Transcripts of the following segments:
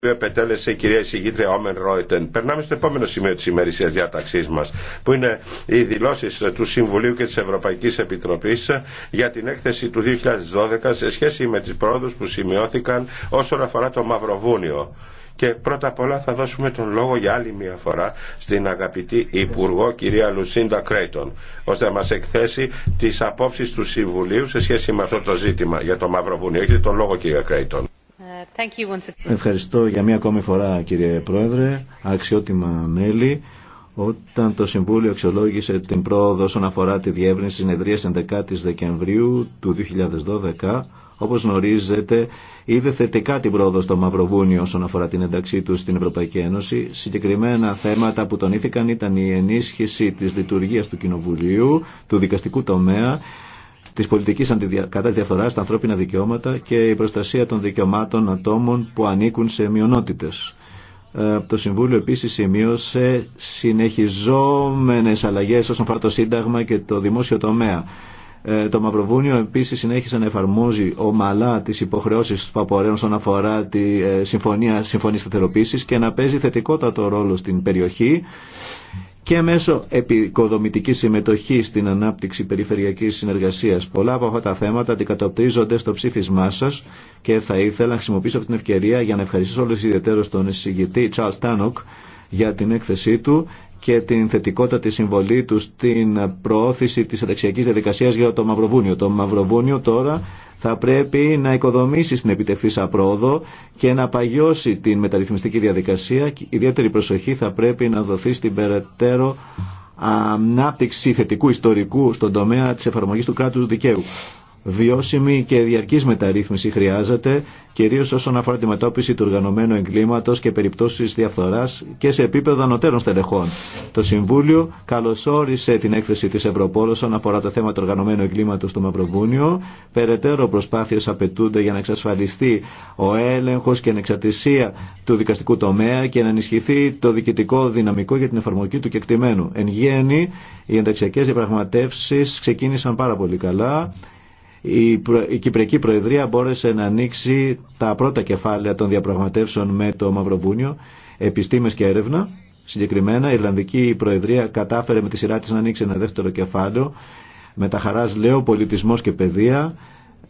οποίο επετέλεσε η κυρία εισηγήτρια Όμεν Ρόιτεν. Περνάμε στο επόμενο σημείο τη ημερησία διάταξή μα, που είναι οι δηλώσει του Συμβουλίου και τη Ευρωπαϊκή Επιτροπή για την έκθεση του 2012 σε σχέση με τι πρόοδου που σημειώθηκαν όσον αφορά το Μαυροβούνιο. Και πρώτα απ' όλα θα δώσουμε τον λόγο για άλλη μια φορά στην αγαπητή Υπουργό κυρία Λουσίντα Κρέιτον, ώστε να μας εκθέσει τις απόψεις του Συμβουλίου σε σχέση με αυτό το ζήτημα για το Μαυροβούνιο. Έχετε τον λόγο κυρία Κρέιτον. Ευχαριστώ για μία ακόμη φορά κύριε Πρόεδρε, αξιότιμα μέλη. Όταν το Συμβούλιο αξιολόγησε την πρόοδο όσον αφορά τη διεύρυνση συνεδρίας 11 Δεκεμβρίου του 2012, όπως γνωρίζετε, είδε θετικά την πρόοδο στο Μαυροβούνιο όσον αφορά την ένταξή του στην Ευρωπαϊκή Ένωση. Συγκεκριμένα θέματα που τονίθηκαν ήταν η ενίσχυση της λειτουργίας του Κοινοβουλίου, του δικαστικού τομέα, τη πολιτική κατά τη διαφθορά, τα ανθρώπινα δικαιώματα και η προστασία των δικαιωμάτων ατόμων που ανήκουν σε μειονότητε. Ε, το Συμβούλιο επίση σημείωσε συνεχιζόμενε αλλαγέ όσον αφορά το Σύνταγμα και το δημόσιο τομέα. Ε, το Μαυροβούνιο επίση συνέχισε να εφαρμόζει ομαλά τι υποχρεώσει του παπορέων όσον αφορά τη ε, Συμφωνία Συμφωνή Σταθεροποίηση και να παίζει θετικότατο ρόλο στην περιοχή και μέσω επίκοδομητική συμμετοχής στην ανάπτυξη περιφερειακής συνεργασίας. Πολλά από αυτά τα θέματα αντικατοπτρίζονται στο ψήφισμά σας και θα ήθελα να χρησιμοποιήσω αυτή την ευκαιρία για να ευχαριστήσω όλους ιδιαίτερως τον εισηγητή Charles Tannock για την έκθεσή του και την θετικότητα τη συμβολή του στην προώθηση τη ενταξιακή διαδικασία για το Μαυροβούνιο. Το Μαυροβούνιο τώρα θα πρέπει να οικοδομήσει στην επιτευχθήσα πρόοδο και να παγιώσει την μεταρρυθμιστική διαδικασία. Ιδιαίτερη προσοχή θα πρέπει να δοθεί στην περαιτέρω ανάπτυξη θετικού ιστορικού στον τομέα τη εφαρμογή του κράτου του δικαίου. Βιώσιμη και διαρκής μεταρρύθμιση χρειάζεται, κυρίως όσον αφορά τη μετώπιση του οργανωμένου εγκλήματος και περιπτώσεις διαφθοράς και σε επίπεδο ανωτέρων στελεχών. Το Συμβούλιο καλωσόρισε την έκθεση της Ευρωπόλου όσον αφορά το θέμα του οργανωμένου εγκλήματος στο Μαυροβούνιο. Περαιτέρω προσπάθειες απαιτούνται για να εξασφαλιστεί ο έλεγχος και η ανεξαρτησία του δικαστικού τομέα και να ενισχυθεί το διοικητικό δυναμικό για την εφαρμογή του κεκτημένου. Εν γέννη, οι ενταξιακέ διαπραγματεύσει ξεκίνησαν πάρα πολύ καλά η Κυπριακή Προεδρία μπόρεσε να ανοίξει τα πρώτα κεφάλαια των διαπραγματεύσεων με το Μαυροβούνιο, επιστήμες και έρευνα. Συγκεκριμένα, η Ιρλανδική Προεδρία κατάφερε με τη σειρά της να ανοίξει ένα δεύτερο κεφάλαιο, με τα χαράς λέω πολιτισμός και παιδεία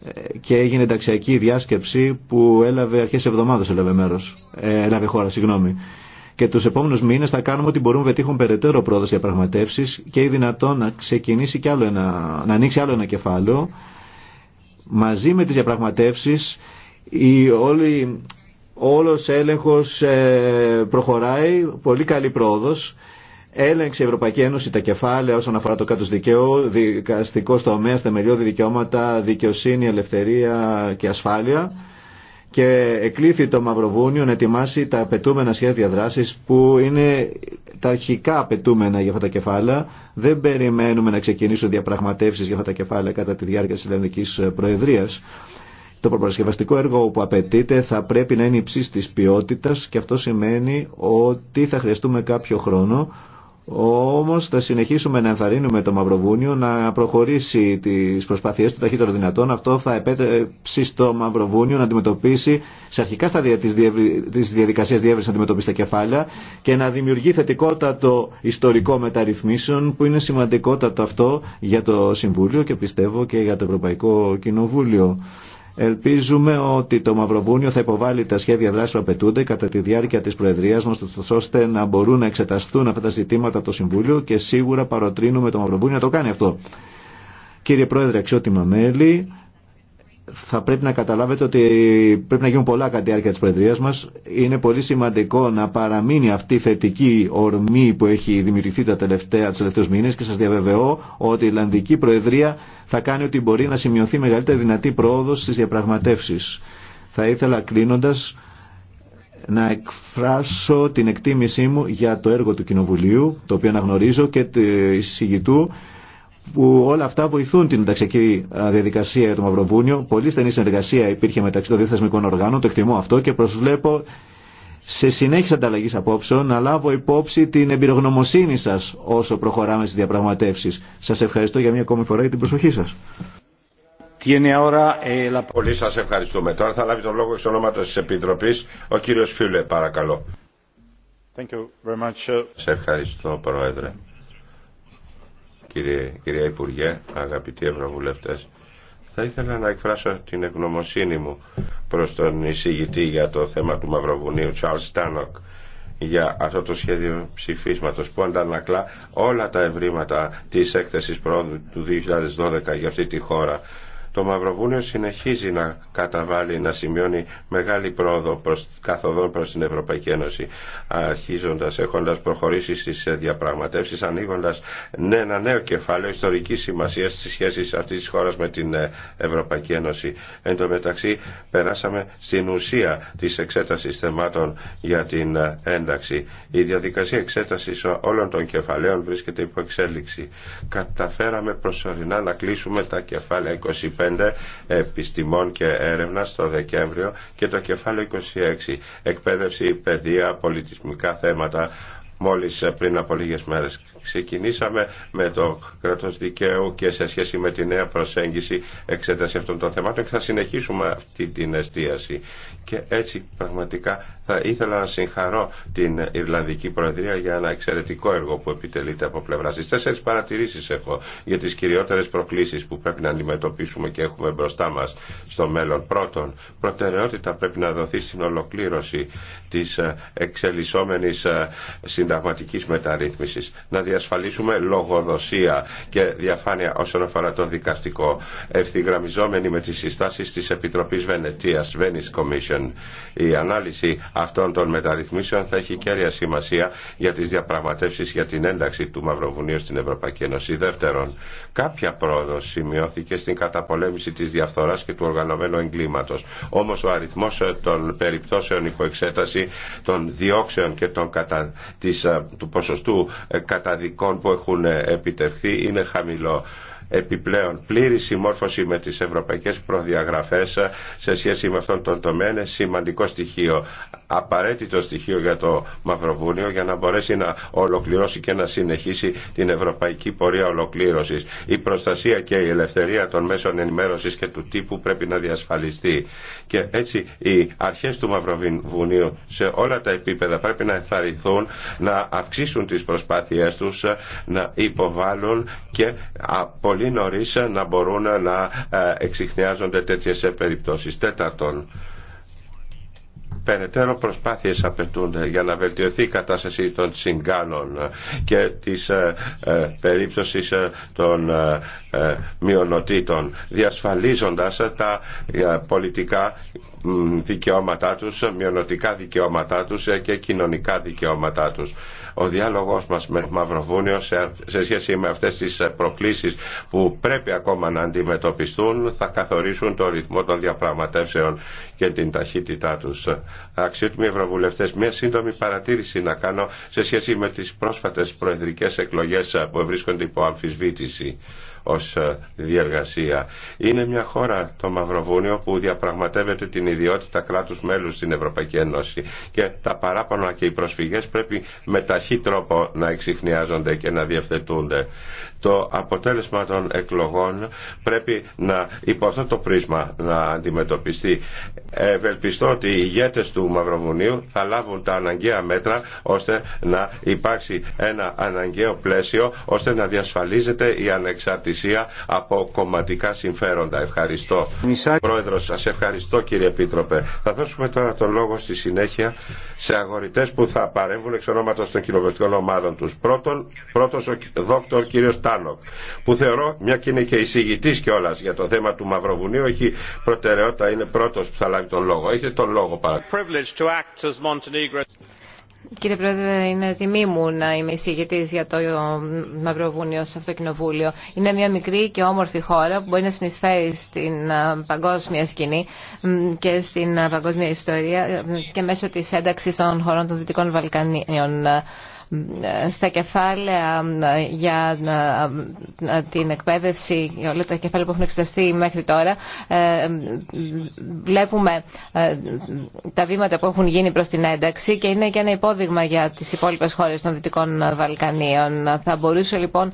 ε, και έγινε ενταξιακή διάσκεψη που έλαβε αρχές εβδομάδας έλαβε μέρος, ε, έλαβε χώρα, συγγνώμη. Και του επόμενου μήνε θα κάνουμε ό,τι μπορούμε να πετύχουν περαιτέρω πρόοδο διαπραγματεύσει και ή δυνατόν να ξεκινήσει κι άλλο ένα, να ανοίξει άλλο ένα κεφάλαιο Μαζί με τις διαπραγματεύσεις η όλη, όλος έλεγχος ε, προχωράει, πολύ καλή πρόοδος. Έλεγξε η Ευρωπαϊκή Ένωση τα κεφάλαια όσον αφορά το κάτω δικαίου, δικαστικό τομέα, θεμελιώδη δικαιώματα, δικαιοσύνη, ελευθερία και ασφάλεια και εκλήθη το Μαυροβούνιο να ετοιμάσει τα απαιτούμενα σχέδια δράση που είναι τα αρχικά απαιτούμενα για αυτά τα κεφάλαια. Δεν περιμένουμε να ξεκινήσουν διαπραγματεύσεις για αυτά τα κεφάλαια κατά τη διάρκεια της ελληνική ε, Προεδρίας. Το προπαρασκευαστικό έργο που απαιτείται θα πρέπει να είναι υψής της ποιότητας και αυτό σημαίνει ότι θα χρειαστούμε κάποιο χρόνο όμως θα συνεχίσουμε να ενθαρρύνουμε το Μαυροβούνιο να προχωρήσει τις προσπάθειές του ταχύτερο δυνατόν. Αυτό θα επέτρεψει στο Μαυροβούνιο να αντιμετωπίσει σε αρχικά στάδια της, διεύρυ... της διαδικασίας διεύρυνσης να αντιμετωπίσει τα κεφάλαια και να δημιουργεί θετικότατο ιστορικό μεταρρυθμίσεων που είναι σημαντικότατο αυτό για το Συμβούλιο και πιστεύω και για το Ευρωπαϊκό Κοινοβούλιο. Ελπίζουμε ότι το Μαυροβούνιο θα υποβάλει τα σχέδια δράση που απαιτούνται κατά τη διάρκεια τη Προεδρία μα, ώστε να μπορούν να εξεταστούν αυτά τα ζητήματα από το Συμβούλιο και σίγουρα παροτρύνουμε το Μαυροβούνιο να το κάνει αυτό. Κύριε Πρόεδρε, αξιότιμα μέλη, θα πρέπει να καταλάβετε ότι πρέπει να γίνουν πολλά κατά τη διάρκεια της Προεδρίας μας. Είναι πολύ σημαντικό να παραμείνει αυτή η θετική ορμή που έχει δημιουργηθεί τα τελευταία, τους τελευταίους μήνες και σας διαβεβαιώ ότι η Ιρλανδική Προεδρία θα κάνει ότι μπορεί να σημειωθεί μεγαλύτερη δυνατή πρόοδο στις διαπραγματεύσεις. Θα ήθελα κλείνοντα να εκφράσω την εκτίμησή μου για το έργο του Κοινοβουλίου, το οποίο αναγνωρίζω και του συγητού που όλα αυτά βοηθούν την ενταξιακή διαδικασία για το Μαυροβούνιο. Πολύ στενή συνεργασία υπήρχε μεταξύ των διεθνικών οργάνων, το εκτιμώ αυτό και προσβλέπω σε συνέχιση ανταλλαγή απόψεων να λάβω υπόψη την εμπειρογνωμοσύνη σα όσο προχωράμε στι διαπραγματεύσει. Σα ευχαριστώ για μια ακόμη φορά για την προσοχή σα. Ε, Πολύ σα ευχαριστούμε. Τώρα θα λάβει τον λόγο εξ ονόματο τη Επιτροπή ο κύριο Φίλε, παρακαλώ. Σε ευχαριστώ, Πρόεδρε κύριε, κυρία Υπουργέ, αγαπητοί Ευρωβουλευτές. Θα ήθελα να εκφράσω την ευγνωμοσύνη μου προς τον εισηγητή για το θέμα του Μαυροβουνίου, Charles Στάνοκ, για αυτό το σχέδιο ψηφίσματος που αντανακλά όλα τα ευρήματα της έκθεσης πρόοδου του 2012 για αυτή τη χώρα το Μαυροβούνιο συνεχίζει να καταβάλει, να σημειώνει μεγάλη πρόοδο προς, καθοδόν προς την Ευρωπαϊκή Ένωση, αρχίζοντας, έχοντας προχωρήσει στις διαπραγματεύσεις, ανοίγοντας ναι, ένα νέο κεφάλαιο ιστορικής σημασίας στις σχέσεις αυτής της χώρας με την ε, Ευρωπαϊκή Ένωση. Εν τω μεταξύ, περάσαμε στην ουσία της εξέτασης θεμάτων για την ε, ένταξη. Η διαδικασία εξέτασης όλων των κεφαλαίων βρίσκεται υπό εξέλιξη. Καταφέραμε προσωρινά να κλείσουμε τα κεφάλαια 25 25 επιστημών και έρευνα στο Δεκέμβριο και το κεφάλαιο 26 εκπαίδευση, παιδεία, πολιτισμικά θέματα μόλις πριν από λίγες μέρες Ξεκινήσαμε με το κράτος δικαίου και σε σχέση με τη νέα προσέγγιση εξέταση αυτών των θεμάτων και θα συνεχίσουμε αυτή την εστίαση. Και έτσι πραγματικά θα ήθελα να συγχαρώ την Ιρλανδική Προεδρία για ένα εξαιρετικό έργο που επιτελείται από πλευρά. τη. τέσσερι παρατηρήσει έχω για τι κυριότερε προκλήσει που πρέπει να αντιμετωπίσουμε και έχουμε μπροστά μα στο μέλλον. Πρώτον, προτεραιότητα πρέπει να δοθεί στην ολοκλήρωση τη ε, εξελισσόμενη ε, συνταγματική μεταρρύθμιση. Να διασφαλίσουμε λογοδοσία και διαφάνεια όσον αφορά το δικαστικό, ευθυγραμμιζόμενοι με τις συστάσεις της Επιτροπής Βενετίας, Venice Commission. Η ανάλυση αυτών των μεταρρυθμίσεων θα έχει κέρια σημασία για τις διαπραγματεύσεις για την ένταξη του Μαυροβουνίου στην Ευρωπαϊκή Ένωση. Δεύτερον, κάποια πρόοδο σημειώθηκε στην καταπολέμηση της διαφθοράς και του οργανωμένου εγκλήματος. Όμως ο αριθμός των περιπτώσεων υπό των διώξεων και των κατα... της... Ε, του ποσοστού ε, κατά καταδικών που έχουν ε, επιτευχθεί είναι χαμηλό επιπλέον πλήρη συμμόρφωση με τις ευρωπαϊκές προδιαγραφές ε, σε σχέση με αυτόν τον τομέα είναι σημαντικό στοιχείο απαραίτητο στοιχείο για το Μαυροβούνιο για να μπορέσει να ολοκληρώσει και να συνεχίσει την ευρωπαϊκή πορεία ολοκλήρωσης. Η προστασία και η ελευθερία των μέσων ενημέρωση και του τύπου πρέπει να διασφαλιστεί. Και έτσι οι αρχές του Μαυροβουνίου σε όλα τα επίπεδα πρέπει να ενθαρρυνθούν, να αυξήσουν τις προσπάθειές τους, να υποβάλουν και πολύ νωρί να μπορούν να ε, εξηχνιάζονται τέτοιε περιπτώσει Τέταρτον, περαιτέρω προσπάθειες απαιτούνται για να βελτιωθεί η κατάσταση των συγκάλων και της ε, ε, περίπτωσης ε, των μειονοτήτων διασφαλίζοντας τα πολιτικά δικαιώματά τους, μειονοτικά δικαιώματά τους και κοινωνικά δικαιώματά τους ο διάλογός μας με το Μαυροβούνιο σε σχέση με αυτές τις ε, προκλήσεις που πρέπει ακόμα να αντιμετωπιστούν θα καθορίσουν το ρυθμό των διαπραγματεύσεων και την ταχύτητά τους. Αξιότιμοι Ευρωβουλευτές, μια σύντομη παρατήρηση να κάνω σε σχέση με τις πρόσφατες προεδρικές εκλογές ε, που βρίσκονται υπό αμφισβήτηση ως ε, διεργασία. Είναι μια χώρα το Μαυροβούνιο που διαπραγματεύεται την ιδιότητα κράτους μέλους στην Ευρωπαϊκή Ένωση και τα παράπονα και οι προσφυγές πρέπει με ταχύ τρόπο να εξηχνιάζονται και να διευθετούνται το αποτέλεσμα των εκλογών πρέπει να υπό αυτό το πρίσμα να αντιμετωπιστεί. Ευελπιστώ ότι οι ηγέτες του Μαυροβουνίου θα λάβουν τα αναγκαία μέτρα ώστε να υπάρξει ένα αναγκαίο πλαίσιο ώστε να διασφαλίζεται η ανεξαρτησία από κομματικά συμφέροντα. Ευχαριστώ. Μισά... Πρόεδρος, σας ευχαριστώ κύριε Επίτροπε. Θα δώσουμε τώρα τον λόγο στη συνέχεια σε αγορητές που θα παρέμβουν εξ ονόματος των κοινοβουλευτικών ομάδων τους. Πρώτον, πρώτος ο δόκτωρ κύριος που θεωρώ, μια και είναι και εισηγητή κιόλα για το θέμα του Μαυροβουνίου, έχει προτεραιότητα, είναι πρώτο που θα λάβει τον λόγο. Έχετε τον λόγο παρακαλώ. Κύριε Πρόεδρε, είναι τιμή μου να είμαι εισηγητή για το Μαυροβούνιο σε αυτό το κοινοβούλιο. Είναι μια μικρή και όμορφη χώρα που μπορεί να συνεισφέρει στην ε, παγκόσμια σκηνή και στην ε, παγκόσμια ιστορία ε, και μέσω τη ένταξη των χωρών των Δυτικών Βαλκανίων στα κεφάλαια ε, για ε, ε, την εκπαίδευση και όλα τα κεφάλαια που έχουν εξεταστεί μέχρι τώρα βλέπουμε τα βήματα που έχουν γίνει προς την ένταξη και είναι και ένα υπόδειγμα για τις υπόλοιπες χώρες των Δυτικών Βαλκανίων. Θα μπορούσε λοιπόν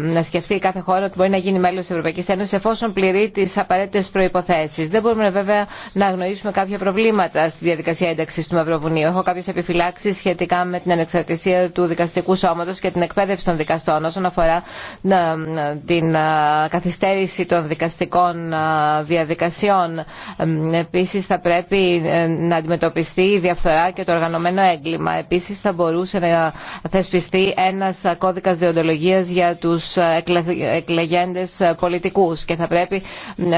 να σκεφτεί κάθε χώρα ότι μπορεί να γίνει μέλος της Ευρωπαϊκής Ένωσης εφόσον πληρεί τις απαραίτητες προϋποθέσεις. Δεν μπορούμε βέβαια να αγνοήσουμε κάποια προβλήματα στη διαδικασία ένταξης του Μαυροβουνίου. Έχω κάποιες επιφυλάξεις σχετικά με την ανεξαρτησία του δικαστικού σώματο και την εκπαίδευση των δικαστών όσον αφορά την καθυστέρηση των δικαστικών διαδικασιών. Επίση, θα πρέπει ε, να αντιμετωπιστεί η διαφθορά και το οργανωμένο έγκλημα. Επίση, θα μπορούσε να θεσπιστεί ένα κώδικα διοντολογία για του ε, εκλεγέντε πολιτικού. και θα πρέπει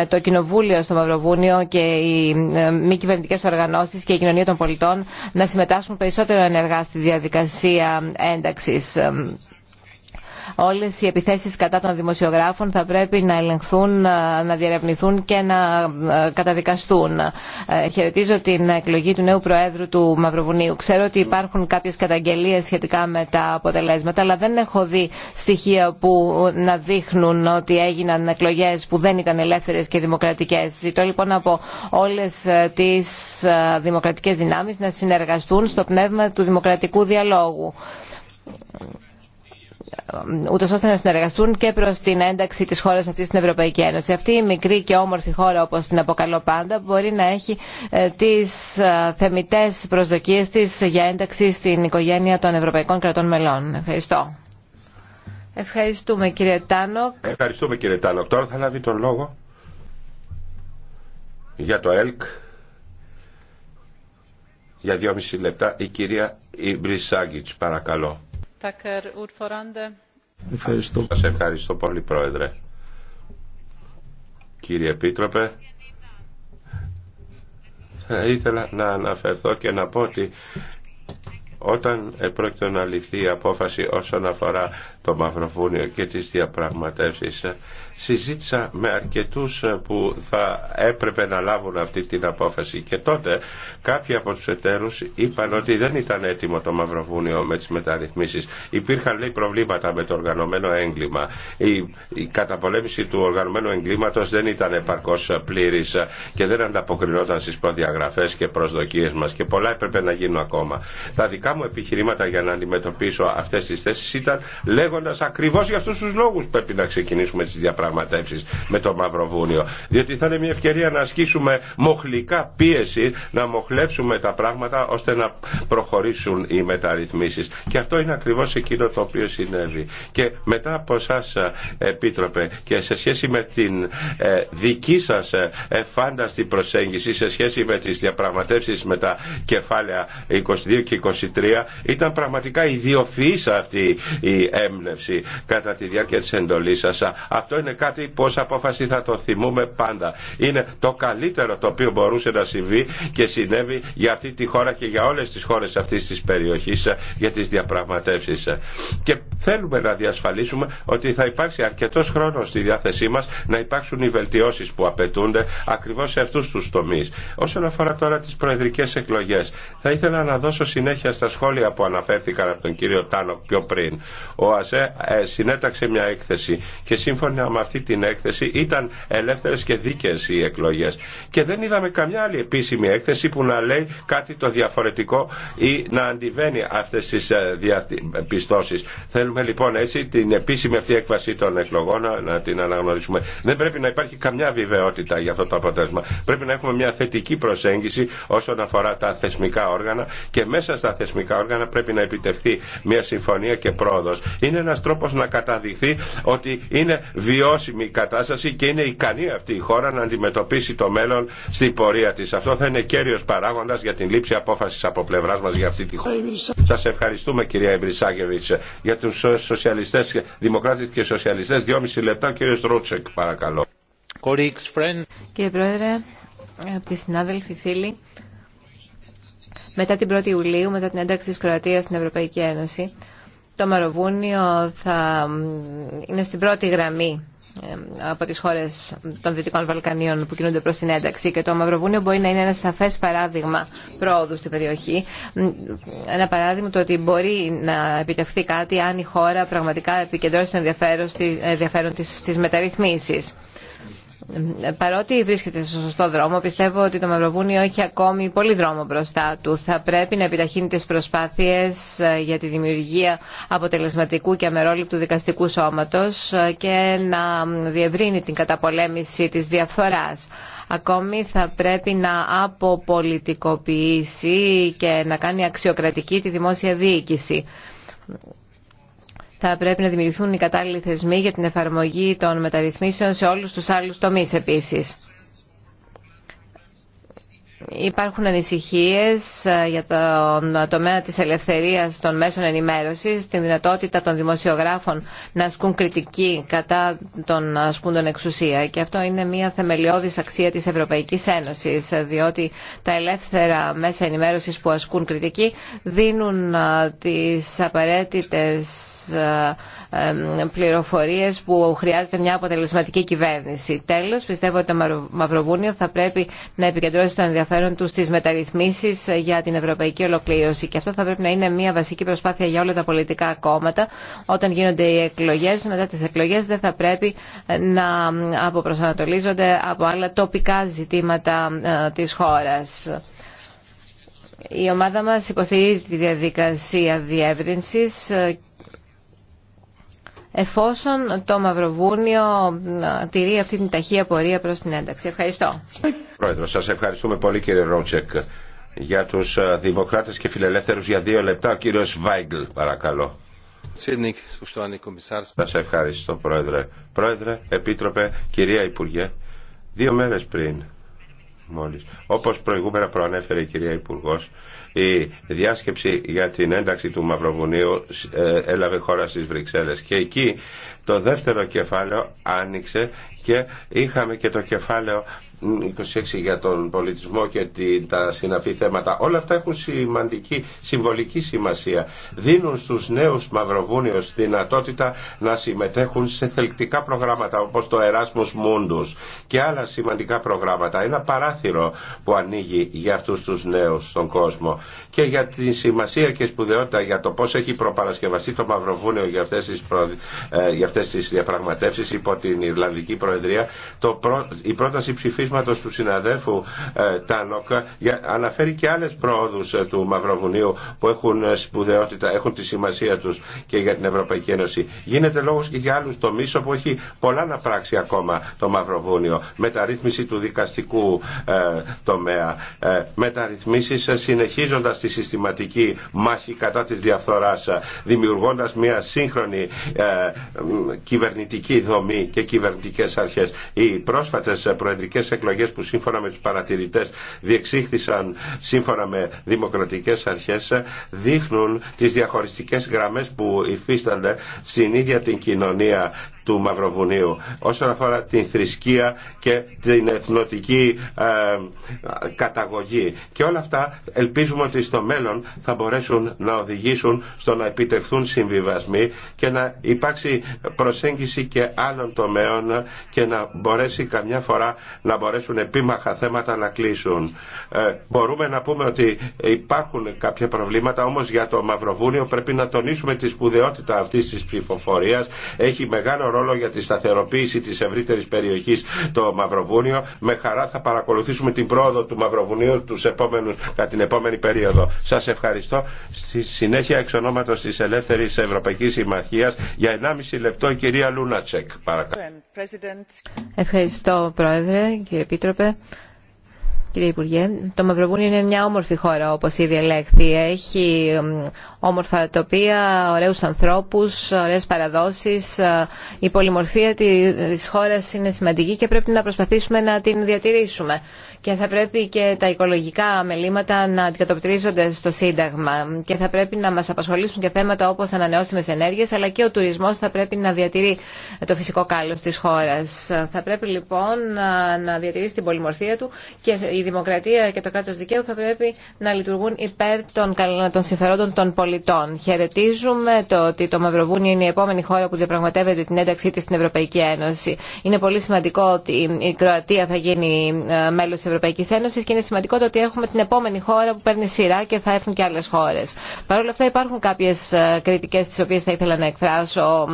το Κοινοβούλιο στο Μαυροβούνιο και οι ε, μη κυβερνητικέ οργανώσει και η κοινωνία των πολιτών να συμμετάσχουν περισσότερο ενεργά στη διαδικασία ένταξης Όλες οι επιθέσεις κατά των δημοσιογράφων θα πρέπει να ελεγχθούν, ε, να διερευνηθούν και να ε, καταδικαστούν. Ε, χαιρετίζω την εκλογή του νέου Προέδρου του Μαυροβουνίου. Ξέρω ότι υπάρχουν κάποιες καταγγελίες σχετικά με τα αποτελέσματα, αλλά δεν έχω δει στοιχεία που να δείχνουν ότι έγιναν εκλογές που δεν ήταν ελεύθερες και δημοκρατικές. Ζητώ λοιπόν από όλες τις δημοκρατικές δυνάμεις να συνεργαστούν στο πνεύμα του δημοκρατικού διαλόγου ε, ούτως ώστε να συνεργαστούν και προς την ένταξη της χώρας αυτής στην Ευρωπαϊκή Ένωση. Αυτή η μικρή και όμορφη χώρα όπως την αποκαλώ πάντα μπορεί να έχει ε, τις ε, θεμητές προσδοκίες της για ένταξη στην οικογένεια των Ευρωπαϊκών κρατών μελών. Ευχαριστώ. Ευχαριστούμε κύριε Τάνοκ. Ευχαριστούμε κύριε Τάνοκ. Τώρα θα λάβει τον λόγο για το ΕΛΚ για δυόμιση λεπτά η κυρία Ιμπρισάγκητς παρακαλώ. Ευχαριστώ. Σας ευχαριστώ πολύ Πρόεδρε. Κύριε Επίτροπε, θα ήθελα να αναφερθώ και να πω ότι όταν επρόκειτο να ληφθεί η απόφαση όσον αφορά το Μαυροβούνιο και τις διαπραγματεύσεις συζήτησα με αρκετούς ε, που θα έπρεπε να λάβουν αυτή την απόφαση και τότε κάποιοι από τους εταίρους είπαν ότι δεν ήταν έτοιμο το Μαυροβούνιο με τις μεταρρυθμίσεις. Υπήρχαν λέει προβλήματα με το οργανωμένο έγκλημα. Η, η καταπολέμηση του οργανωμένου εγκλήματος δεν ήταν επαρκώς πλήρης και δεν ανταποκρινόταν στις προδιαγραφές και προσδοκίες μας και πολλά έπρεπε να γίνουν ακόμα. Τα δικά μου επιχειρήματα για να αντιμετωπίσω αυτές τις θέσεις ήταν λέγοντας ακριβώς για αυτούς τους λόγους πρέπει να ξεκινήσουμε τις διαπραγματεύσεις με το Μαυροβούνιο. Διότι θα είναι μια ευκαιρία να ασκήσουμε μοχλικά πίεση, να μοχλεύσουμε τα πράγματα ώστε να προχωρήσουν οι μεταρρυθμίσει. Και αυτό είναι ακριβώς εκείνο το οποίο συνέβη. Και μετά από εσά, Επίτροπε, και σε σχέση με την ε, δική σας ε, φάνταστη προσέγγιση σε σχέση με τι διαπραγματεύσει με τα κεφάλαια 22 και 23 ήταν πραγματικά ιδιοφυή αυτή η έμπνευση κατά τη διάρκεια τη εντολή σα. Αυτό είναι κάτι που απόφαση θα το θυμούμε πάντα. Είναι το καλύτερο το οποίο μπορούσε να συμβεί και συνέβη για αυτή τη χώρα και για όλες τις χώρες αυτής της περιοχής ε, για τις διαπραγματεύσεις. Ε. Και θέλουμε να διασφαλίσουμε ότι θα υπάρξει αρκετός χρόνος στη διάθεσή μας να υπάρξουν οι βελτιώσεις που απαιτούνται ακριβώς σε αυτούς τους τομείς. Όσον αφορά τώρα τις προεδρικές εκλογές, θα ήθελα να δώσω συνέχεια στα σχόλια που αναφέρθηκαν από τον κύριο Τάνο πιο πριν. Ο ΑΣΕ ε, συνέταξε μια έκθεση και σύμφωνα με αυτή την έκθεση ήταν ελεύθερες και δίκαιες οι εκλογές. Και δεν είδαμε καμιά άλλη επίσημη έκθεση που να λέει κάτι το διαφορετικό ή να αντιβαίνει αυτές τις ε, πιστώσεις. Θέλουμε λοιπόν έτσι την επίσημη αυτή έκβαση των εκλογών να την αναγνωρίσουμε. Δεν πρέπει να υπάρχει καμιά βιβαιότητα για αυτό το αποτέλεσμα. Πρέπει να έχουμε μια θετική προσέγγιση όσον αφορά τα θεσμικά όργανα και μέσα στα θεσμικά όργανα πρέπει να επιτευχθεί μια συμφωνία και πρόοδος. Είναι ένας τρόπος να καταδειχθεί ότι είναι βιώσιμη κατάσταση και είναι ικανή αυτή η χώρα να αντιμετωπίσει το μέλλον στην πορεία της. Αυτό θα είναι κέριος παράγοντας για την λήψη απόφασης από πλευράς μας για αυτή τη χώρα. Σας ευχαριστούμε κυρία Εμπρισάγεβιτς. Για τους σοσιαλιστές, δημοκράτες και σοσιαλιστές, δυόμιση λεπτά ο κύριος Ρούτσεκ παρακαλώ. Κύριε Πρόεδρε, αγαπητοί συνάδελφοι, φίλοι, μετά την 1η Ιουλίου, μετά την ένταξη της Κροατίας στην Ευρωπαϊκή Ένωση, το Μαροβούνιο θα είναι στην πρώτη γραμμή από τις χώρες των Δυτικών Βαλκανίων που κινούνται προς την ένταξη και το Μαυροβούνιο μπορεί να είναι ένα σαφές παράδειγμα πρόοδου στην περιοχή. Ένα παράδειγμα το ότι μπορεί να επιτευχθεί κάτι αν η χώρα πραγματικά επικεντρώσει το ενδιαφέρον της στις μεταρρυθμίσεις παρότι βρίσκεται στο σωστό δρόμο, πιστεύω ότι το Μαυροβούνιο έχει ακόμη πολύ δρόμο μπροστά του. Θα πρέπει να επιταχύνει τις προσπάθειες ε, για τη δημιουργία αποτελεσματικού και αμερόληπτου δικαστικού σώματος ε, και να διευρύνει την καταπολέμηση της διαφθοράς. Ακόμη θα πρέπει να αποπολιτικοποιήσει και να κάνει αξιοκρατική τη δημόσια διοίκηση θα πρέπει να δημιουργηθούν οι κατάλληλοι θεσμοί για την εφαρμογή των μεταρρυθμίσεων σε όλους τους άλλους τομείς επίσης. Υπάρχουν ανησυχίες ε, για τον τομέα της ελευθερίας των μέσων ενημέρωσης, την δυνατότητα των δημοσιογράφων να ασκούν κριτική κατά των τον εξουσία. Και αυτό είναι μια θεμελιώδης αξία της Ευρωπαϊκής Ένωσης, ε, διότι τα ελεύθερα μέσα ενημέρωσης που ασκούν κριτική δίνουν ε, τις απαραίτητες πληροφορίες που χρειάζεται μια αποτελεσματική κυβέρνηση. Τέλος, πιστεύω ότι το Μαυροβούνιο θα πρέπει να επικεντρώσει το ενδιαφέρον ενδιαφέρον του στι μεταρρυθμίσει για την ευρωπαϊκή ολοκλήρωση. Και αυτό θα πρέπει να είναι μια βασική προσπάθεια για όλα τα πολιτικά κόμματα. Όταν γίνονται οι εκλογέ, μετά τι εκλογέ δεν θα πρέπει να αποπροσανατολίζονται από άλλα τοπικά ζητήματα ε, τη χώρα. Η ομάδα μας υποστηρίζει τη διαδικασία διεύρυνσης ε, εφόσον το Μαυροβούνιο ε, τηρεί αυτή την ταχεία πορεία προς την ένταξη. Ευχαριστώ. Πρόεδρο, σας ευχαριστούμε πολύ κύριε Ρόντσεκ. Για τους ε, δημοκράτες και φιλελεύθερους για δύο λεπτά ο κύριος Βάιγκλ παρακαλώ. Σας ευχαριστώ πρόεδρε. Πρόεδρε, επίτροπε, κυρία Υπουργέ, δύο μέρες πριν μόλις. Όπως προηγούμενα προανέφερε η κυρία Υπουργό, η διάσκεψη για την ένταξη του Μαυροβουνίου ε, έλαβε χώρα στις Βρυξέλλες και εκεί το δεύτερο κεφάλαιο άνοιξε και είχαμε και το κεφάλαιο 26 για τον πολιτισμό και τα συναφή θέματα. Όλα αυτά έχουν σημαντική συμβολική σημασία. Δίνουν στους νέους Μαυροβούνιους δυνατότητα να συμμετέχουν σε θελκτικά προγράμματα όπως το Erasmus Mundus και άλλα σημαντικά προγράμματα. Ένα παράθυρο που ανοίγει για αυτούς τους νέους στον κόσμο και για τη σημασία και σπουδαιότητα για το πώς έχει προπαρασκευαστεί το Μαυροβούνιο για αυτές τις, προ... Ε, για αυτές τις διαπραγματεύσεις υπό την Ιρλανδική Προεδρία το η πρόταση ψηφί ψηφίσματος του συναδέλφου ε, Τάνοκ αναφέρει και άλλες πρόοδους ε, του Μαυροβουνίου που έχουν ε, σπουδαιότητα, έχουν τη σημασία τους και για την Ευρωπαϊκή Ένωση. Γίνεται λόγος και για άλλους τομείς όπου έχει πολλά να πράξει ακόμα το Μαυροβούνιο. Μεταρρύθμιση του δικαστικού τομέα. ε, συνεχίζοντα τη συστηματική μάχη κατά της διαφθοράς, δημιουργώντα μια σύγχρονη κυβερνητική δομή και κυβερνητικέ αρχέ. Οι πρόσφατε προεδρικέ εκλογές που σύμφωνα με τους παρατηρητές διεξήχθησαν σύμφωνα με δημοκρατικές αρχές δείχνουν τις διαχωριστικές γραμμές που υφίστανται στην ίδια την κοινωνία του Μαυροβουνίου όσον αφορά την θρησκεία και την εθνοτική ε, καταγωγή. Και όλα αυτά ελπίζουμε ότι στο μέλλον θα μπορέσουν να οδηγήσουν στο να επιτευχθούν συμβιβασμοί και να υπάρξει προσέγγιση και άλλων τομέων και να μπορέσει καμιά φορά να μπορέσουν επίμαχα θέματα να κλείσουν. Ε, μπορούμε να πούμε ότι υπάρχουν κάποια προβλήματα, όμως για το Μαυροβούνιο πρέπει να τονίσουμε τη σπουδαιότητα αυτής της ψηφοφορίας. Έχει μεγάλο ρόλο για τη σταθεροποίηση της ευρύτερης περιοχής το Μαυροβούνιο. Με χαρά θα παρακολουθήσουμε την πρόοδο του Μαυροβουνίου τους επόμενους, κατά την επόμενη περίοδο. Σας ευχαριστώ. Στη συνέχεια εξ ονόματος της Ελεύθερης Ευρωπαϊκής Συμμαχίας για 1,5 λεπτό κυρία Λούνατσεκ. Παρακαλώ. Ευχαριστώ Πρόεδρε και Επίτροπε. Κύριε Υπουργέ, το Μαυροβούνι είναι μια όμορφη χώρα όπως ήδη ελέγχθη. Έχει όμορφα τοπία, ωραίους ανθρώπους, ωραίες παραδόσεις. Ε, η πολυμορφία τη χώρας είναι σημαντική και πρέπει να προσπαθήσουμε να την διατηρήσουμε. Και θα πρέπει και τα οικολογικά μελήματα να αντικατοπτρίζονται στο Σύνταγμα. Και θα πρέπει να μας απασχολήσουν και θέματα όπως ανανεώσιμες ενέργειες, αλλά και ο τουρισμός θα πρέπει να διατηρεί το φυσικό κάλο της χώρα Θα πρέπει λοιπόν ε, να διατηρήσει την πολυμορφία του και δημοκρατία και το κράτος δικαίου θα πρέπει να λειτουργούν υπέρ των, των συμφερόντων των πολιτών. Χαιρετίζουμε το ότι το Μαυροβούνιο είναι η επόμενη χώρα που διαπραγματεύεται την ένταξή της στην Ευρωπαϊκή Ένωση. Είναι πολύ σημαντικό ότι η Κροατία θα γίνει ε, μέλος της Ευρωπαϊκής Ένωσης και είναι σημαντικό το ότι έχουμε την επόμενη χώρα που παίρνει σειρά και θα έρθουν και άλλες χώρες. Παρ' όλα αυτά υπάρχουν κάποιες ε, κριτικές τις οποίε θα ήθελα να εκφράσω,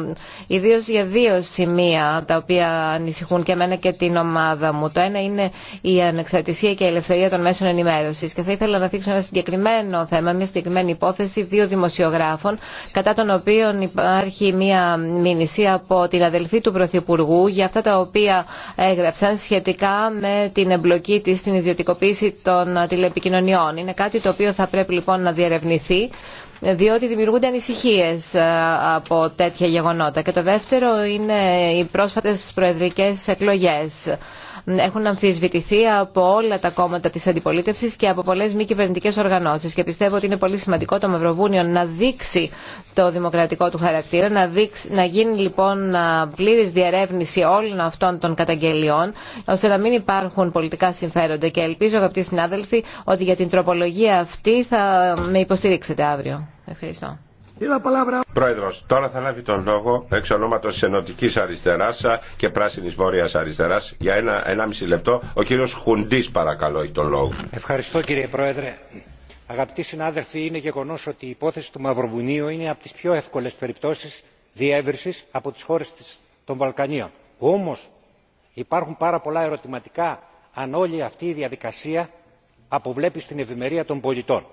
Ιδίω για δύο σημεία τα οποία ανησυχούν και εμένα και την ομάδα μου. Το ένα είναι η ανεξαρτησία και ελευθερία των μέσων ενημέρωση. Και θα ήθελα να δείξω ένα συγκεκριμένο θέμα, μια συγκεκριμένη υπόθεση δύο δημοσιογράφων, κατά των οποίων υπάρχει μια μήνυση από την αδελφή του Πρωθυπουργού για αυτά τα οποία έγραψαν σχετικά με την εμπλοκή τη στην ιδιωτικοποίηση των τηλεπικοινωνιών. Είναι κάτι το οποίο θα πρέπει λοιπόν να διερευνηθεί διότι δημιουργούνται ανησυχίε ε, από τέτοια γεγονότα. Και το δεύτερο είναι οι πρόσφατες προεδρικές εκλογές έχουν αμφισβητηθεί από όλα τα κόμματα της αντιπολίτευσης και από πολλέ μη κυβερνητικέ οργανώσει. Και πιστεύω ότι είναι πολύ σημαντικό το Μαυροβούνιο να δείξει το δημοκρατικό του χαρακτήρα, να, δείξει, να γίνει λοιπόν πλήρη διερεύνηση όλων αυτών των καταγγελιών, ώστε να μην υπάρχουν πολιτικά συμφέροντα. Και ελπίζω, αγαπητοί συνάδελφοι, ότι για την τροπολογία αυτή θα με υποστηρίξετε αύριο. Ευχαριστώ. Πρόεδρος, τώρα θα λάβει τον λόγο εξ ονόματος της Ενωτικής Αριστεράς και Πράσινης Βόρειας Αριστεράς για ένα, μισή λεπτό. Ο κύριος Χουντής παρακαλώ έχει τον λόγο. Ευχαριστώ κύριε Πρόεδρε. Αγαπητοί συνάδελφοι, είναι γεγονός ότι η υπόθεση του Μαυροβουνίου είναι από τις πιο εύκολες περιπτώσεις διεύρυνσης από τις χώρες των Βαλκανίων. Όμως υπάρχουν πάρα πολλά ερωτηματικά αν όλη αυτή η διαδικασία αποβλέπει στην ευημερία των πολιτών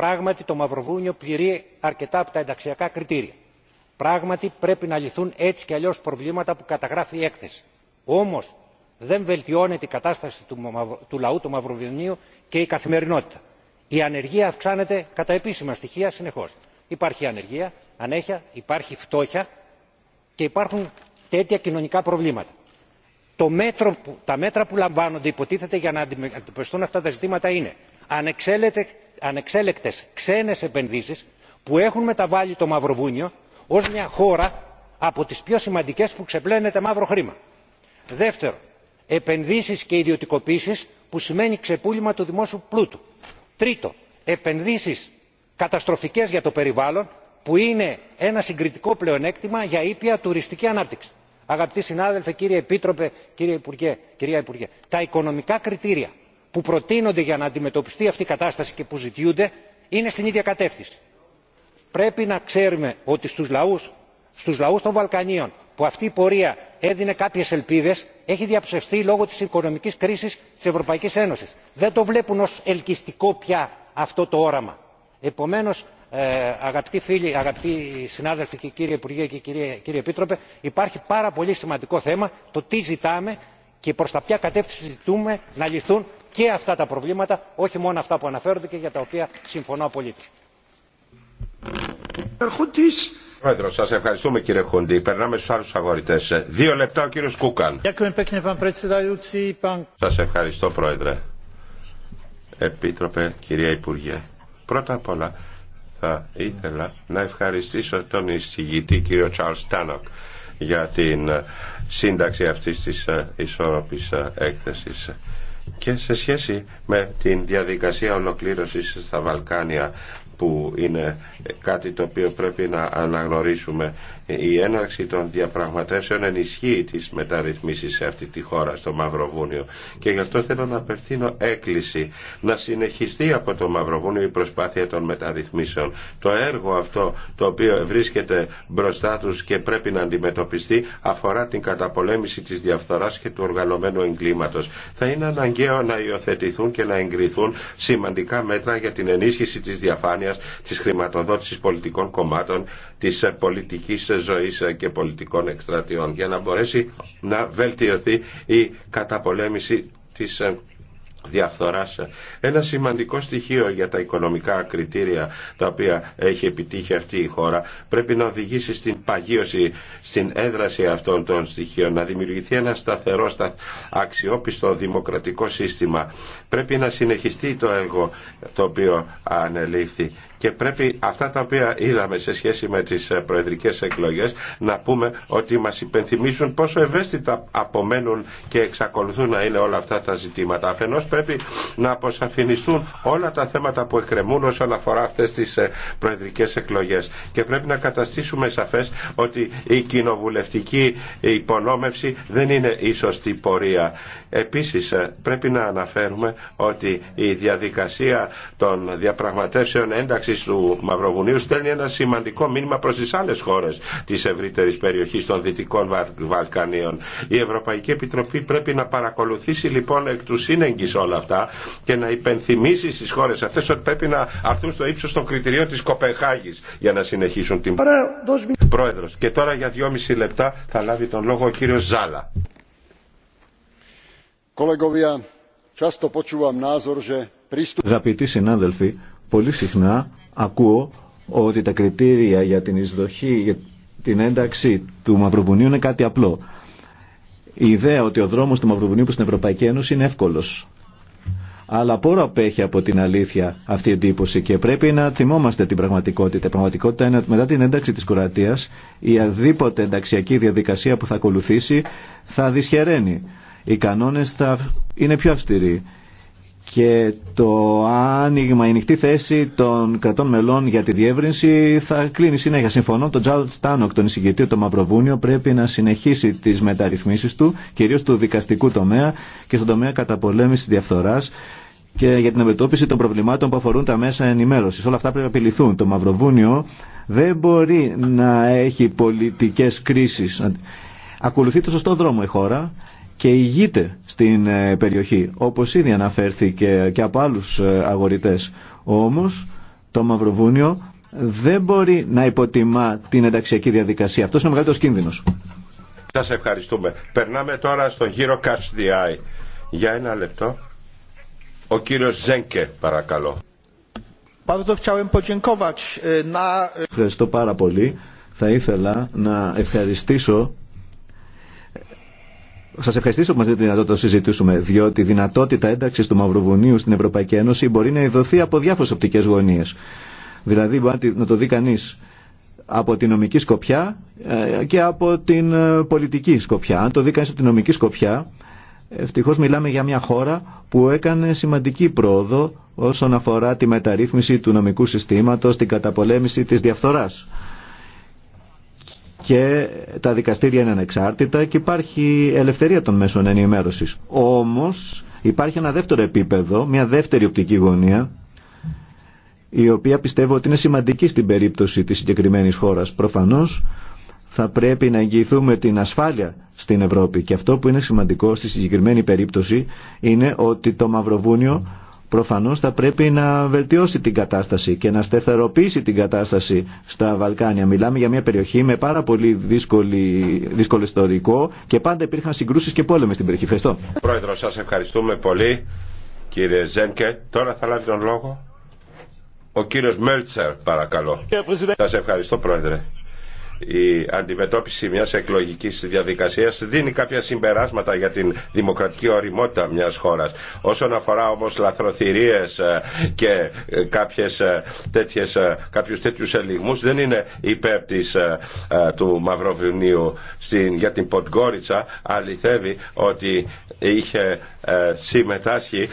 πράγματι το μαυροβούνιο πληρεί αρκετά από τα ενταξιακά κριτήρια πράγματι πρέπει να λυθούν έτσι κι αλλιώ προβλήματα που καταγράφει η έκθεση όμω δεν βελτιώνεται η κατάσταση του λαού του μαυροβουνίου και η καθημερινότητα. η ανεργία αυξάνεται κατά επίσημα στοιχεία συνεχώ. υπάρχει ανεργία ανέχεια υπάρχει φτώχεια και υπάρχουν τέτοια κοινωνικά προβλήματα. τα μέτρα που λαμβάνονται υποτίθεται για να αντιμετωπιστούν αυτά τα ζητήματα είναι ανεξέλεγκτη ανεξέλεκτες ξένες επενδύσεις που έχουν μεταβάλει το μαυροβούνιο ως μια χώρα από τις πιο σημαντικές που ξεπλένεται μαύρο χρήμα. δεύτερον επενδύσεις και ιδιωτικοποίησεις που σημαίνει ξεπούλημα του δημόσιου πλούτου. τρίτον επενδύσεις καταστροφικές για το περιβάλλον που είναι ένα συγκριτικό πλεονέκτημα για ήπια τουριστική ανάπτυξη. αγαπητοί συνάδελφοι κύριε επίτροπε κύριε κυρία υπουργέ τα οικονομικά κριτήρια που προτείνονται για να αντιμετωπιστεί αυτή η κατάσταση και που ζητιούνται είναι στην ίδια κατεύθυνση. πρέπει να ξέρουμε ότι στους λαούς των βαλκανίων που αυτή η πορεία έδινε κάποιες ελπίδες έχει διαψευστεί λόγω της οικονομικής κρίσης της ευρωπαϊκής ένωσης. δεν το βλέπουν ως ελκυστικό πια αυτό το όραμα. επομένως ε, αγαπητοί φίλοι αγαπητοί συνάδελφοι και κύριε υπουργέ και κύριε επίτροπε υπάρχει πάρα πολύ σημαντικό θέμα το τι ζητάμε και προς τα ποια κατεύθυνση ζητούμε να λυθούν και αυτά τα προβλήματα όχι μόνο αυτά που αναφέρονται και για τα οποία συμφωνώ πολύ Πρόεδρο, σα ευχαριστούμε κύριε Χούντι. Περνάμε στου άλλου αγορητέ. Δύο λεπτά ο κύριο Κούκαν. Σα ευχαριστώ, Πρόεδρε. Επίτροπε, κυρία Υπουργέ. Πρώτα απ' όλα θα ήθελα να ευχαριστήσω τον εισηγητή κύριο Τσάρλ Στάνοκ για την σύνταξη αυτής της ε, ισόρροπης ε, έκθεσης και σε σχέση με την διαδικασία ολοκλήρωσης στα Βαλκάνια που είναι κάτι το οποίο πρέπει να αναγνωρίσουμε. Η έναρξη των διαπραγματεύσεων ενισχύει τις μεταρρυθμίσεις σε αυτή τη χώρα, στο Μαυροβούνιο. Και γι' αυτό θέλω να απευθύνω έκκληση να συνεχιστεί από το Μαυροβούνιο η προσπάθεια των μεταρρυθμίσεων. Το έργο αυτό το οποίο βρίσκεται μπροστά τους και πρέπει να αντιμετωπιστεί αφορά την καταπολέμηση της διαφθοράς και του οργανωμένου εγκλήματος. Θα είναι αναγκαίο να υιοθετηθούν και να εγκριθούν σημαντικά μέτρα για την ενίσχυση της διαφάνεια. Τη της χρηματοδότησης πολιτικών κομμάτων, της ε, πολιτικής ε, ζωής ε, και πολιτικών εκστρατιών για να μπορέσει να βελτιωθεί η καταπολέμηση της διαφθοράς. Ένα σημαντικό στοιχείο για τα οικονομικά κριτήρια τα οποία έχει επιτύχει αυτή η χώρα πρέπει να οδηγήσει στην παγίωση, στην έδραση αυτών των στοιχείων, να δημιουργηθεί ένα σταθερό, αξιόπιστο δημοκρατικό σύστημα. Πρέπει να συνεχιστεί το έργο το οποίο ανελήφθη και πρέπει αυτά τα οποία είδαμε σε σχέση με τις ε, προεδρικές εκλογές να πούμε ότι μας υπενθυμίζουν πόσο ευαίσθητα απομένουν και εξακολουθούν να είναι όλα αυτά τα ζητήματα. Αφενός πρέπει να αποσαφινιστούν όλα τα θέματα που εκκρεμούν όσον αφορά αυτές τις ε, προεδρικές εκλογές και πρέπει να καταστήσουμε σαφές ότι η κοινοβουλευτική υπονόμευση δεν είναι η σωστή πορεία. Επίσης ε, πρέπει να αναφέρουμε ότι η διαδικασία των διαπραγματεύσεων ένταξη του Μαυροβουνίου στέλνει ένα σημαντικό μήνυμα προς τις άλλες χώρες της ευρύτερης περιοχής των Δυτικών Βαλκανίων. Η Ευρωπαϊκή Επιτροπή πρέπει να παρακολουθήσει λοιπόν εκ του σύνεγγυς όλα αυτά και να υπενθυμίσει στις χώρες αυτές ότι πρέπει να αρθούν στο ύψος των κριτηρίων της Κοπεχάγης για να συνεχίσουν την πρόεδρο. Και τώρα για δυόμιση λεπτά θα λάβει τον λόγο ο κύριος Ζάλα. Αγαπητοί συνάδελφοι, πολύ συχνά Ακούω ότι τα κριτήρια για την εισδοχή, για την ένταξη του Μαυροβουνίου είναι κάτι απλό. Η ιδέα ότι ο δρόμος του Μαυροβουνίου προς την Ευρωπαϊκή Ένωση είναι εύκολος. Αλλά πόρο απέχει από την αλήθεια αυτή η εντύπωση και πρέπει να θυμόμαστε την πραγματικότητα. Η πραγματικότητα είναι ότι μετά την ένταξη της Κροατίας η αδίποτε ενταξιακή διαδικασία που θα ακολουθήσει θα δυσχεραίνει. Οι κανόνες θα είναι πιο αυστηροί και το άνοιγμα, η ανοιχτή θέση των κρατών μελών για τη διεύρυνση θα κλείνει συνέχεια. Συμφωνώ, τον Τζαλτ Στάνοκ, τον εισηγητή του Μαυροβούνιο, πρέπει να συνεχίσει τι μεταρρυθμίσει του, κυρίω του δικαστικού τομέα και στον τομέα καταπολέμηση διαφθορά και για την αντιμετώπιση των προβλημάτων που αφορούν τα μέσα ενημέρωση. Όλα αυτά πρέπει να απειληθούν. Το Μαυροβούνιο δεν μπορεί να έχει πολιτικέ κρίσει. Ακολουθεί το σωστό δρόμο η χώρα και ηγείται στην ε, περιοχή, όπως ήδη αναφέρθηκε και από άλλους ε, αγορητές. Όμως το Μαυροβούνιο δεν μπορεί να υποτιμά την ενταξιακή διαδικασία. Αυτός είναι ο μεγαλύτερος κίνδυνος. Σας ευχαριστούμε. Περνάμε τώρα στον γύρο Catch Για ένα λεπτό. Ο κύριος Ζένκε, παρακαλώ. Ε, Ευχαριστώ πάρα πολύ. Θα ήθελα να ευχαριστήσω Σα ευχαριστήσω που μα δίνετε τη δυνατότητα να συζητήσουμε, διότι η δυνατότητα ένταξη του Μαυροβουνίου στην Ευρωπαϊκή Ένωση μπορεί να ειδωθεί από διάφορε οπτικές γωνίες. Δηλαδή μπορεί να το δει κανεί από την νομική σκοπιά ε, και από την ε, πολιτική σκοπιά. Αν το δει κανεί από την νομική σκοπιά, ευτυχώ μιλάμε για μια χώρα που έκανε σημαντική πρόοδο όσον αφορά τη μεταρρύθμιση του νομικού συστήματο, την καταπολέμηση τη διαφθοράς και τα δικαστήρια είναι ανεξάρτητα και υπάρχει ελευθερία των μέσων ενημέρωσης. Όμως υπάρχει ένα δεύτερο επίπεδο, μια δεύτερη οπτική γωνία η οποία πιστεύω ότι είναι σημαντική στην περίπτωση της συγκεκριμένης χώρας. Προφανώς θα πρέπει να εγγυηθούμε την ασφάλεια στην Ευρώπη και αυτό που είναι σημαντικό στη συγκεκριμένη περίπτωση είναι ότι το Μαυροβούνιο προφανώς θα πρέπει να βελτιώσει την κατάσταση και να στεθεροποιήσει την κατάσταση στα Βαλκάνια. Μιλάμε για μια περιοχή με πάρα πολύ δύσκολη, δύσκολο ιστορικό και πάντα υπήρχαν συγκρούσεις και πόλεμοι στην περιοχή. Ευχαριστώ. Πρόεδρο, σας ευχαριστούμε πολύ κύριε Ζένκε. Τώρα θα λάβει τον λόγο ο κύριος Μέλτσερ παρακαλώ. Σας ευχαριστώ πρόεδρε η αντιμετώπιση μιας εκλογικής διαδικασίας δίνει κάποια συμπεράσματα για την δημοκρατική οριμότητα μιας χώρας. Όσον αφορά όμως λαθροθυρίες ε, και ε, κάποιες ε, τέτοιες, κάποιους τέτοιους ελιγμούς δεν είναι υπέρ της, του Μαυροβουνίου για την Ποντγκόριτσα αληθεύει ότι είχε συμμετάσχει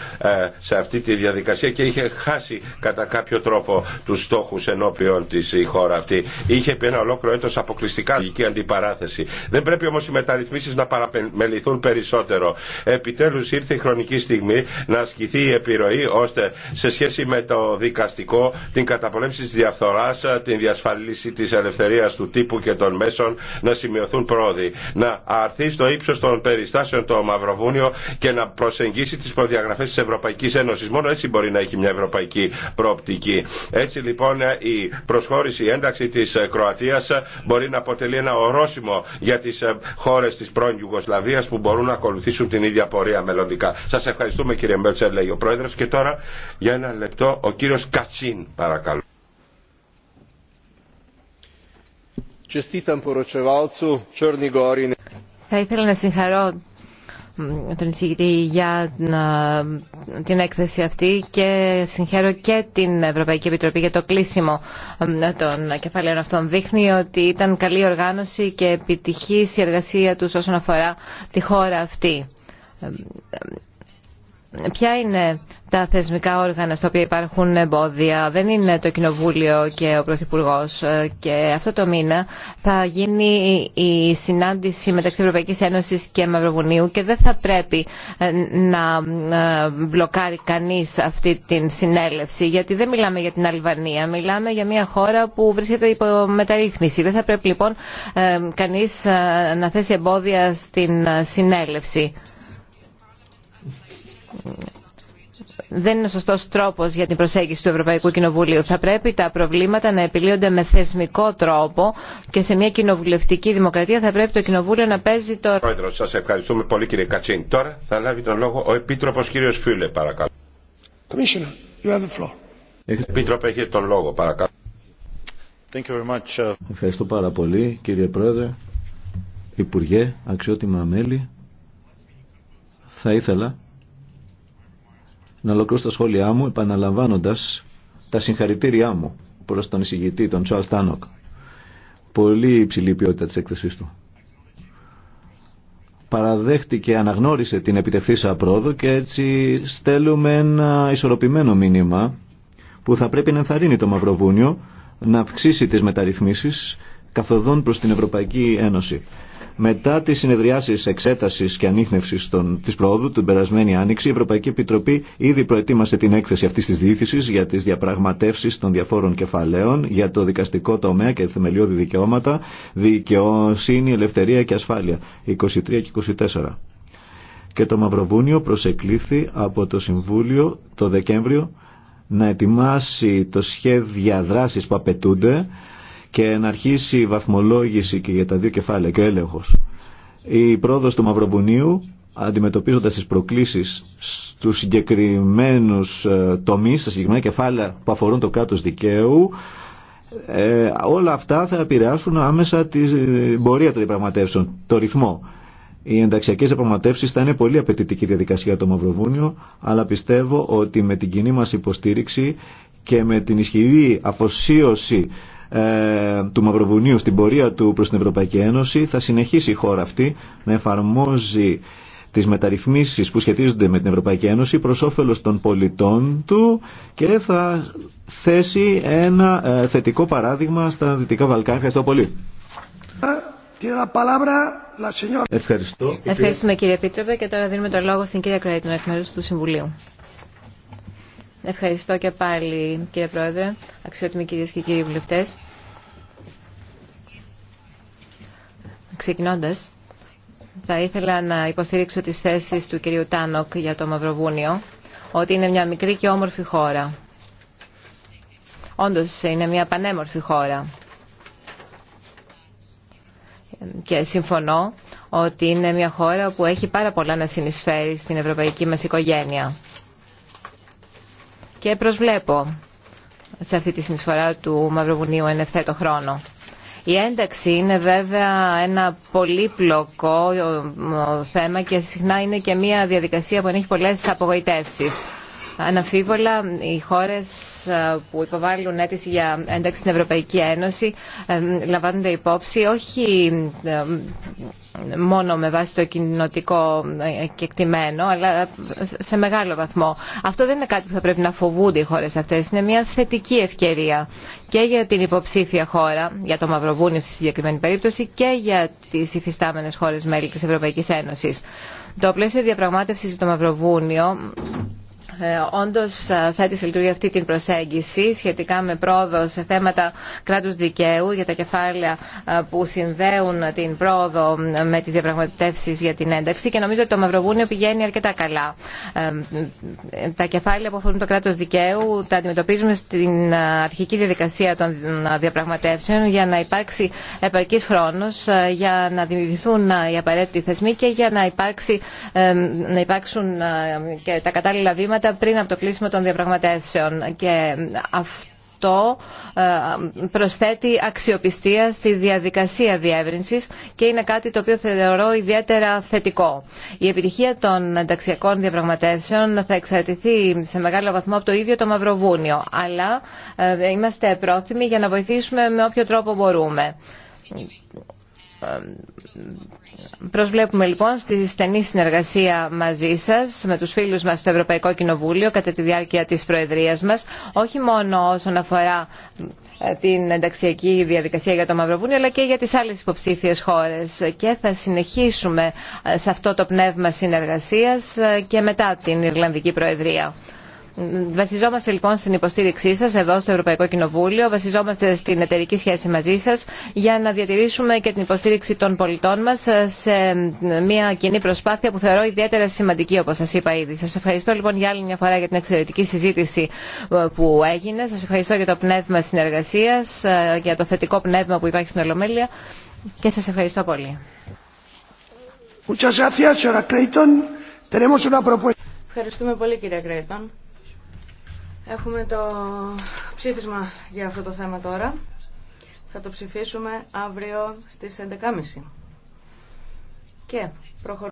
σε αυτή τη διαδικασία και είχε χάσει κατά κάποιο τρόπο τους στόχους ενώπιον της η χώρα αυτή. Είχε πει ένα ολόκληρο έτος αποκλειστικά λογική αντιπαράθεση. Δεν πρέπει όμω οι μεταρρυθμίσει να παραμεληθούν περισσότερο. Επιτέλου ήρθε η χρονική στιγμή να ασκηθεί η επιρροή ώστε σε σχέση με το δικαστικό, την καταπολέμηση τη διαφθορά, την διασφαλίση τη ελευθερία του τύπου και των μέσων να σημειωθούν πρόοδοι. Να αρθεί στο ύψο των περιστάσεων το Μαυροβούνιο και να προσεγγίσει τι προδιαγραφέ τη Ευρωπαϊκή Ένωση. Μόνο έτσι μπορεί να έχει μια ευρωπαϊκή προοπτική. Έτσι λοιπόν η προσχώρηση, η ένταξη τη Κροατία μπορεί να αποτελεί ένα ορόσημο για τι ε, χώρε τη πρώην Ιουγκοσλαβίας που μπορούν να ακολουθήσουν την ίδια πορεία μελλοντικά. Σα ευχαριστούμε κύριε Μπέλτσερ, λέει ο Πρόεδρο Και τώρα για ένα λεπτό ο κύριο Κατσίν, παρακαλώ. Θα ήθελα να συγχαρώ τον εισηγητή για ε, την έκθεση αυτή και συγχαίρω και την Ευρωπαϊκή Επιτροπή για το κλείσιμο ε, των κεφαλαίων αυτών. Δείχνει ότι ήταν καλή οργάνωση και επιτυχής η εργασία τους όσον αφορά τη χώρα αυτή ε, Ποια είναι τα θεσμικά όργανα στα οποία υπάρχουν εμπόδια. Δεν είναι το Κοινοβούλιο και ο Πρωθυπουργό. Ε, και αυτό το μήνα θα γίνει η συνάντηση μεταξύ Ευρωπαϊκή Ένωση και Μαυροβουνίου και δεν θα πρέπει ε, να ε, μπλοκάρει κανεί αυτή την συνέλευση. Γιατί δεν μιλάμε για την Αλβανία. Μιλάμε για μια χώρα που βρίσκεται υπό μεταρρύθμιση. Δεν θα πρέπει λοιπόν κανεί να θέσει εμπόδια στην συνέλευση δεν είναι σωστός τρόπος για την προσέγγιση του Ευρωπαϊκού Κοινοβουλίου. Θα πρέπει τα προβλήματα να επιλύονται με θεσμικό τρόπο και σε μια κοινοβουλευτική δημοκρατία θα πρέπει το Κοινοβούλιο να παίζει το... Πρόεδρος, σας ευχαριστούμε πολύ κύριε Κατσίν. Τώρα θα λάβει τον λόγο ο Επίτροπος κύριος Φίλε, παρακαλώ. Commissioner, Επίτροπε, έχετε τον λόγο, παρακαλώ. Uh, Ευχαριστώ πάρα πολύ κύριε Πρόεδρε, Υπουργέ, αξιότιμα μέλη. Θα ήθελα να ολοκληρώσω τα σχόλιά μου επαναλαμβάνοντας τα συγχαρητήριά μου προς τον εισηγητή, τον Τσουαλ Τάνοκ. Πολύ υψηλή ποιότητα της έκθεσής του. Παραδέχτηκε, αναγνώρισε την επιτευθύσα πρόοδο και έτσι στέλνουμε ένα ισορροπημένο μήνυμα που θα πρέπει να ενθαρρύνει το Μαυροβούνιο να αυξήσει τις μεταρρυθμίσεις καθοδόν προς την Ευρωπαϊκή Ένωση. Μετά τι συνεδριάσει εξέταση και ανείχνευση τη προόδου την περασμένη άνοιξη, η Ευρωπαϊκή Επιτροπή ήδη προετοίμασε την έκθεση αυτή τη διήθηση για τι διαπραγματεύσει των διαφόρων κεφαλαίων για το δικαστικό τομέα και θεμελιώδη δικαιώματα, δικαιοσύνη, ελευθερία και ασφάλεια, 23 και 24. Και το Μαυροβούνιο προσεκλήθη από το Συμβούλιο το Δεκέμβριο να ετοιμάσει το σχέδιο δράσης που απαιτούνται και να αρχίσει η βαθμολόγηση και για τα δύο κεφάλαια και ο έλεγχος. Η πρόοδος του Μαυροβουνίου αντιμετωπίζοντας τις προκλήσεις στους συγκεκριμένους ε, τομείς, στα συγκεκριμένα κεφάλαια που αφορούν το κράτος δικαίου, ε, όλα αυτά θα επηρεάσουν άμεσα την πορεία των διαπραγματεύσεων, το ρυθμό. Οι ενταξιακέ διαπραγματεύσει θα είναι πολύ απαιτητική διαδικασία για το Μαυροβούνιο, αλλά πιστεύω ότι με την κοινή μα υποστήριξη και με την ισχυρή αφοσίωση ε, του Μαυροβουνίου στην πορεία του προς την Ευρωπαϊκή Ένωση θα συνεχίσει η χώρα αυτή να εφαρμόζει τις μεταρρυθμίσεις που σχετίζονται με την Ευρωπαϊκή Ένωση προς όφελος των πολιτών του και θα θέσει ένα ε, θετικό παράδειγμα στα Δυτικά Βαλκάνια. Ευχαριστώ πολύ. Ευχαριστώ. Ευχαριστούμε κύριε Επίτροπε και τώρα δίνουμε το λόγο στην κυρία Κρέιτον εκ μέρου του Συμβουλίου. Ευχαριστώ και πάλι κύριε Πρόεδρε, αξιότιμοι κυρίες και κύριοι βουλευτές. Ξεκινώντας, θα ήθελα να υποστηρίξω τις θέσεις του κυρίου Τάνοκ για το Μαυροβούνιο, ότι είναι μια μικρή και όμορφη χώρα. Όντως είναι μια πανέμορφη χώρα. Και συμφωνώ ότι είναι μια χώρα που έχει πάρα πολλά να συνεισφέρει στην ευρωπαϊκή μας οικογένεια και προσβλέπω σε αυτή τη συνεισφορά του Μαυροβουνίου εν ευθέτω χρόνο. Η ένταξη είναι βέβαια ένα πολύπλοκο ε, θέμα και συχνά είναι και μια διαδικασία που έχει πολλές απογοητεύσεις. Αναφίβολα, οι χώρες ε, που υποβάλλουν αίτηση για ένταξη στην Ευρωπαϊκή Ένωση ε, λαμβάνονται υπόψη όχι ε, μόνο με βάση το κοινωτικό κεκτημένο, αλλά σε μεγάλο βαθμό. Αυτό δεν είναι κάτι που θα πρέπει να φοβούνται οι χώρες αυτές. Είναι μια θετική ευκαιρία και για την υποψήφια χώρα, για το Μαυροβούνιο στη συγκεκριμένη περίπτωση, και για τις υφιστάμενες χώρες μέλη της Ευρωπαϊκής Ένωσης. Το πλαίσιο διαπραγμάτευση για το Μαυροβούνιο ε, όντως ε, θέτει σε λειτουργία αυτή την προσέγγιση σχετικά με πρόοδο σε θέματα κράτους δικαίου για τα κεφάλαια ε, που συνδέουν την πρόοδο με τις διαπραγματεύσεις για την ένταξη και νομίζω ότι το Μαυροβούνιο πηγαίνει αρκετά καλά. Τα κεφάλαια που αφορούν το κράτος δικαίου τα αντιμετωπίζουμε στην αρχική διαδικασία των διαπραγματεύσεων για να υπάρξει επαρκής χρόνος για να δημιουργηθούν οι απαραίτητοι θεσμοί και για να, υπάρξει, να υπάρξουν τα κατάλληλα βήματα πριν από το κλείσιμο των διαπραγματεύσεων. Και αυτό ε, προσθέτει αξιοπιστία στη διαδικασία διεύρυνσης και είναι κάτι το οποίο θεωρώ ιδιαίτερα θετικό. Η επιτυχία των ενταξιακών διαπραγματεύσεων θα εξαρτηθεί σε μεγάλο βαθμό από το ίδιο το Μαυροβούνιο, αλλά ε, είμαστε πρόθυμοι για να βοηθήσουμε με όποιο τρόπο μπορούμε. Ε, προσβλέπουμε λοιπόν στη στενή συνεργασία μαζί σας με τους φίλους μας στο Ευρωπαϊκό Κοινοβούλιο κατά τη διάρκεια της Προεδρίας μας όχι μόνο όσον αφορά ε, την ενταξιακή διαδικασία για το Μαυροβούνιο αλλά και για τις άλλες υποψήφιες χώρες και θα συνεχίσουμε ε, σε αυτό το πνεύμα συνεργασίας και μετά την Ιρλανδική Προεδρία. Βασιζόμαστε λοιπόν στην υποστήριξή σα εδώ στο Ευρωπαϊκό Κοινοβούλιο, βασιζόμαστε στην εταιρική σχέση μαζί σα για να διατηρήσουμε και την υποστήριξη των πολιτών μα σε μια κοινή προσπάθεια που θεωρώ ιδιαίτερα σημαντική όπω σα είπα ήδη. Σα ευχαριστώ λοιπόν για άλλη μια φορά για την εξαιρετική συζήτηση ε, που έγινε. σα ευχαριστώ για το πνεύμα συνεργασία ε, για το θετικό πνεύμα που υπάρχει στην Ολομέλεια και σα ευχαριστώ πολύ. Ευχαριστούμε πολύ κύριε Κρέιτον. Έχουμε το ψήφισμα για αυτό το θέμα τώρα. Θα το ψηφίσουμε αύριο στις 11.30. Και προχωρούμε.